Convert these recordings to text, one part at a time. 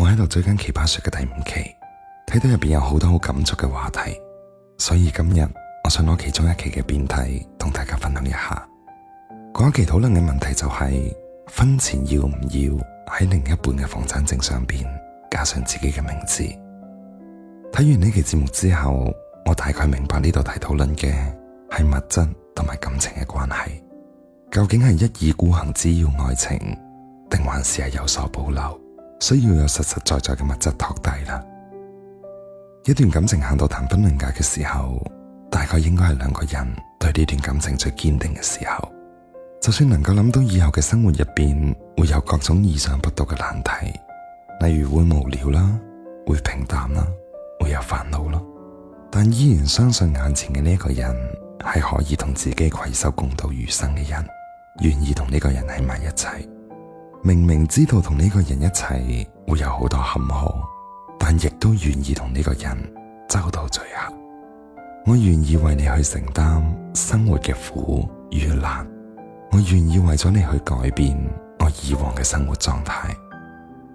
我喺度追緊奇葩說嘅第五期，睇到入邊有好多好感觸嘅話題，所以今日我想攞其中一期嘅辯題同大家分享一下。嗰期討論嘅問題就係婚前要唔要喺另一半嘅房產證上邊加上自己嘅名字。睇完呢期節目之後，我大概明白呢度提討論嘅係物質同埋感情嘅關係，究竟係一意孤行只要愛情，定還是係有所保留？需要有實實在在嘅物質托底啦。一段感情行到談婚論嫁嘅時候，大概應該係兩個人對呢段感情最堅定嘅時候。就算能夠諗到以後嘅生活入邊會有各種意想不到嘅難題，例如會無聊啦，會平淡啦，會有煩惱啦，但依然相信眼前嘅呢一個人係可以同自己攜手共度餘生嘅人，願意同呢個人喺埋一齊。明明知道同呢個人一齊會有好多坎坷，但亦都願意同呢個人走到最後。我願意為你去承擔生活嘅苦與難，我願意為咗你去改變我以往嘅生活狀態。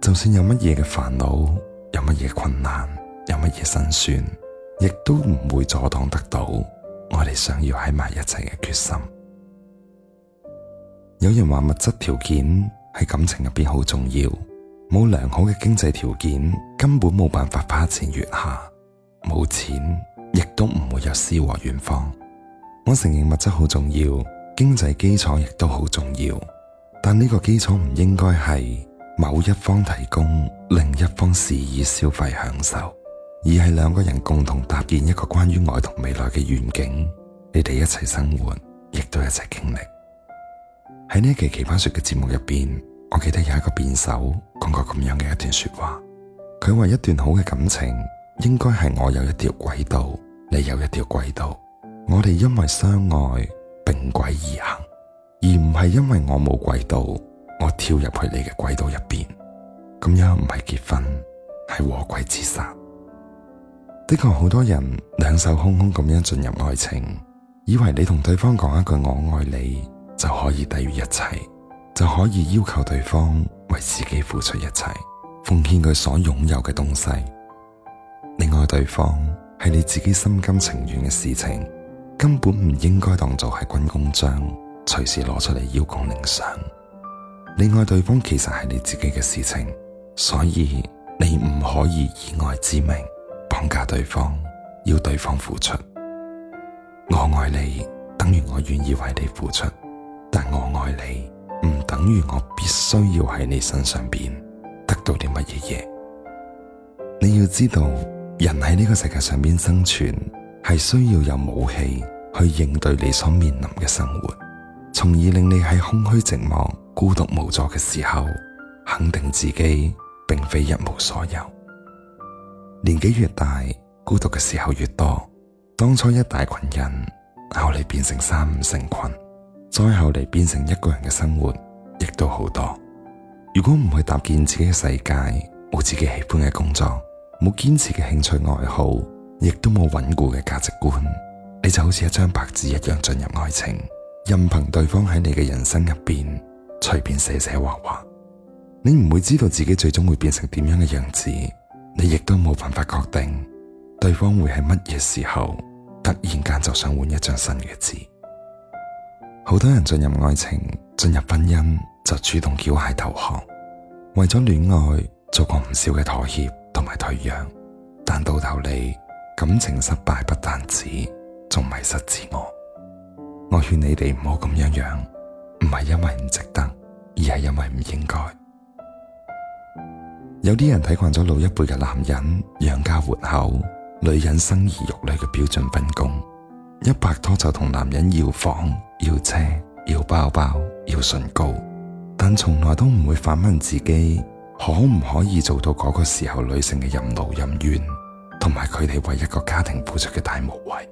就算有乜嘢嘅煩惱，有乜嘢困難，有乜嘢辛酸，亦都唔會阻擋得到我哋想要喺埋一齊嘅決心。有人話物質條件。喺感情入邊好重要，冇良好嘅經濟條件，根本冇辦法花前月下，冇錢亦都唔會有詩和遠方。我承認物質好重要，經濟基礎亦都好重要，但呢個基礎唔應該係某一方提供，另一方肆意消費享受，而係兩個人共同搭建一個關於愛同未來嘅願景，你哋一齊生活，亦都一齊經歷。喺呢期奇葩說嘅節目入邊，我記得有一個辯手講過咁樣嘅一段說話，佢話一段好嘅感情應該係我有一條軌道，你有一條軌道，我哋因為相愛並軌而行，而唔係因為我冇軌道，我跳入去你嘅軌道入邊，咁樣唔係結婚，係臥軌自殺。的確，好多人兩手空空咁樣進入愛情，以為你同對方講一句我愛你。就可以抵住一切，就可以要求對方為自己付出一切，奉獻佢所擁有嘅東西。你愛對方係你自己心甘情願嘅事情，根本唔應該當做係軍功章，隨時攞出嚟邀功領賞。你愛對方其實係你自己嘅事情，所以你唔可以以愛之名綁架對方，要對方付出。我愛你，等於我願意為你付出。但我愛你唔等於我必須要喺你身上邊得到啲乜嘢嘢。你要知道，人喺呢個世界上邊生存係需要有武器去應對你所面臨嘅生活，從而令你喺空虛寂寞孤獨無助嘅時候肯定自己並非一無所有。年紀越大，孤獨嘅時候越多。當初一大群人，後嚟變成三五成群。再後嚟變成一個人嘅生活，亦都好多。如果唔去搭建自己嘅世界，冇自己喜歡嘅工作，冇堅持嘅興趣愛好，亦都冇穩固嘅價值觀，你就好似一張白紙一樣進入愛情，任憑對方喺你嘅人生入邊隨便寫寫畫畫。你唔會知道自己最終會變成點樣嘅樣子，你亦都冇辦法確定對方會喺乜嘢時候突然間就想換一張新嘅紙。好多人進入愛情、進入婚姻就主動繳械投降，為咗戀愛做過唔少嘅妥協同埋退讓，但到頭嚟感情失敗不但止，仲迷失自我。我勸你哋唔好咁樣樣，唔係因為唔值得，而係因為唔應該。有啲人睇慣咗老一輩嘅男人養家活口，女人生兒育女嘅標準分工，一拍拖就同男人要房。要車要包包要唇膏，但從來都唔會反問自己可唔可以做到嗰個時候女性嘅任勞任怨，同埋佢哋為一個家庭付出嘅大無畏。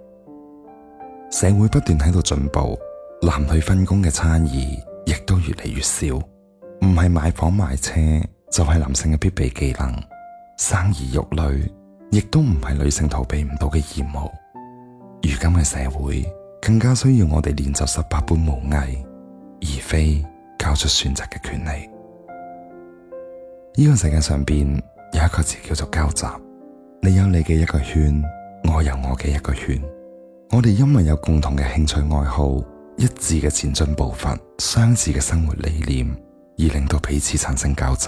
社會不斷喺度進步，男女分工嘅差異亦都越嚟越少。唔係買房買車就係男性嘅必備技能，生兒育女亦都唔係女性逃避唔到嘅義務。如今嘅社會。更加需要我哋練習十八般武藝，而非交出選擇嘅權利。呢、這個世界上邊有一個字叫做交集。你有你嘅一個圈，我有我嘅一個圈。我哋因為有共同嘅興趣愛好、一致嘅前進步伐、相似嘅生活理念，而令到彼此產生交集。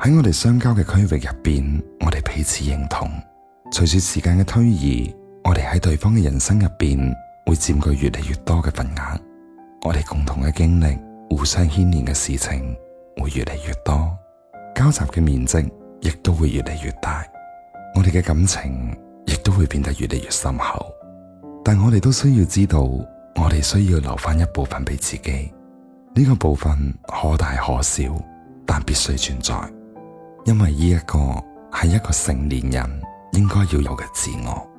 喺我哋相交嘅區域入邊，我哋彼此認同。隨住時間嘅推移，我哋喺對方嘅人生入邊。會佔據越嚟越多嘅份額，我哋共同嘅經歷、互相牽連嘅事情會越嚟越多，交集嘅面積亦都會越嚟越大，我哋嘅感情亦都會變得越嚟越深厚。但我哋都需要知道，我哋需要留翻一部分俾自己，呢個部分可大可小，但必須存在，因為呢一個係一個成年人應該要有嘅自我。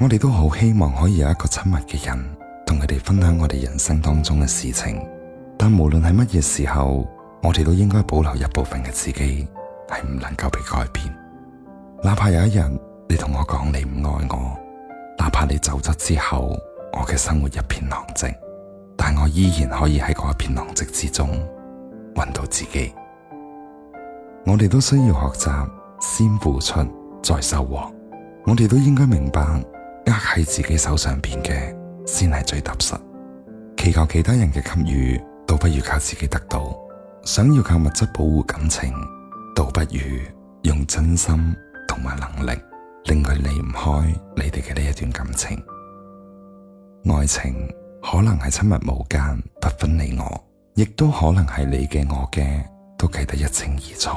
我哋都好希望可以有一個親密嘅人同佢哋分享我哋人生當中嘅事情，但無論喺乜嘢時候，我哋都應該保留一部分嘅自己，係唔能夠被改變。哪怕有一日你同我講你唔愛我，哪怕你走咗之後我嘅生活一片狼藉，但我依然可以喺嗰一片狼藉之中揾到自己。我哋都需要學習先付出再收穫，我哋都應該明白。握喺自己手上邊嘅，先係最踏實。祈求其他人嘅給予，都不如靠自己得到。想要靠物質保護感情，倒不如用真心同埋能力，令佢離唔開你哋嘅呢一段感情。愛情可能係親密無間不分你我，亦都可能係你嘅我嘅都記得一清二楚。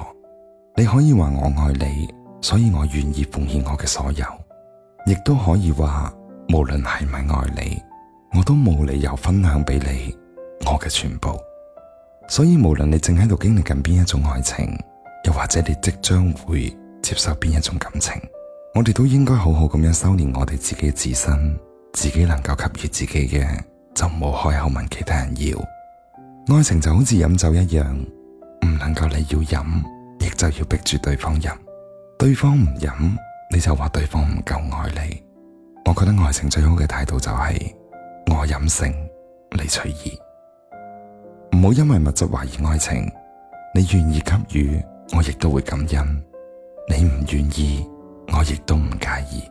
你可以話我愛你，所以我願意奉獻我嘅所有。亦都可以話，無論係咪愛你，我都冇理由分享俾你我嘅全部。所以無論你正喺度經歷緊邊一種愛情，又或者你即將會接受邊一種感情，我哋都應該好好咁樣修煉我哋自己嘅自身，自己能夠給予自己嘅，就冇開口問其他人要。愛情就好似飲酒一樣，唔能夠你要飲，亦就要逼住對方飲，對方唔飲。你就話對方唔夠愛你，我覺得愛情最好嘅態度就係、是、我飲勝，你隨意，唔好因為物質懷疑愛情。你願意給予，我亦都會感恩；你唔願意，我亦都唔介意。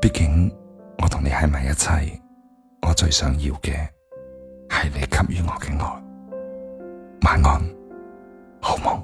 畢竟我同你喺埋一齊，我最想要嘅係你給予我嘅愛，晚安，好唔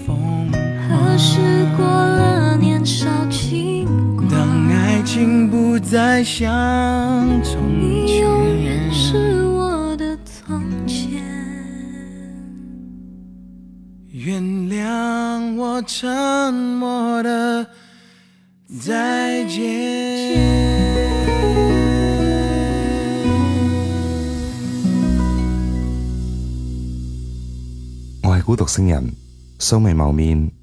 當愛情不再像從前，你永遠是我的從前。原諒我沉默的再見。我係孤獨星人，素未謀面。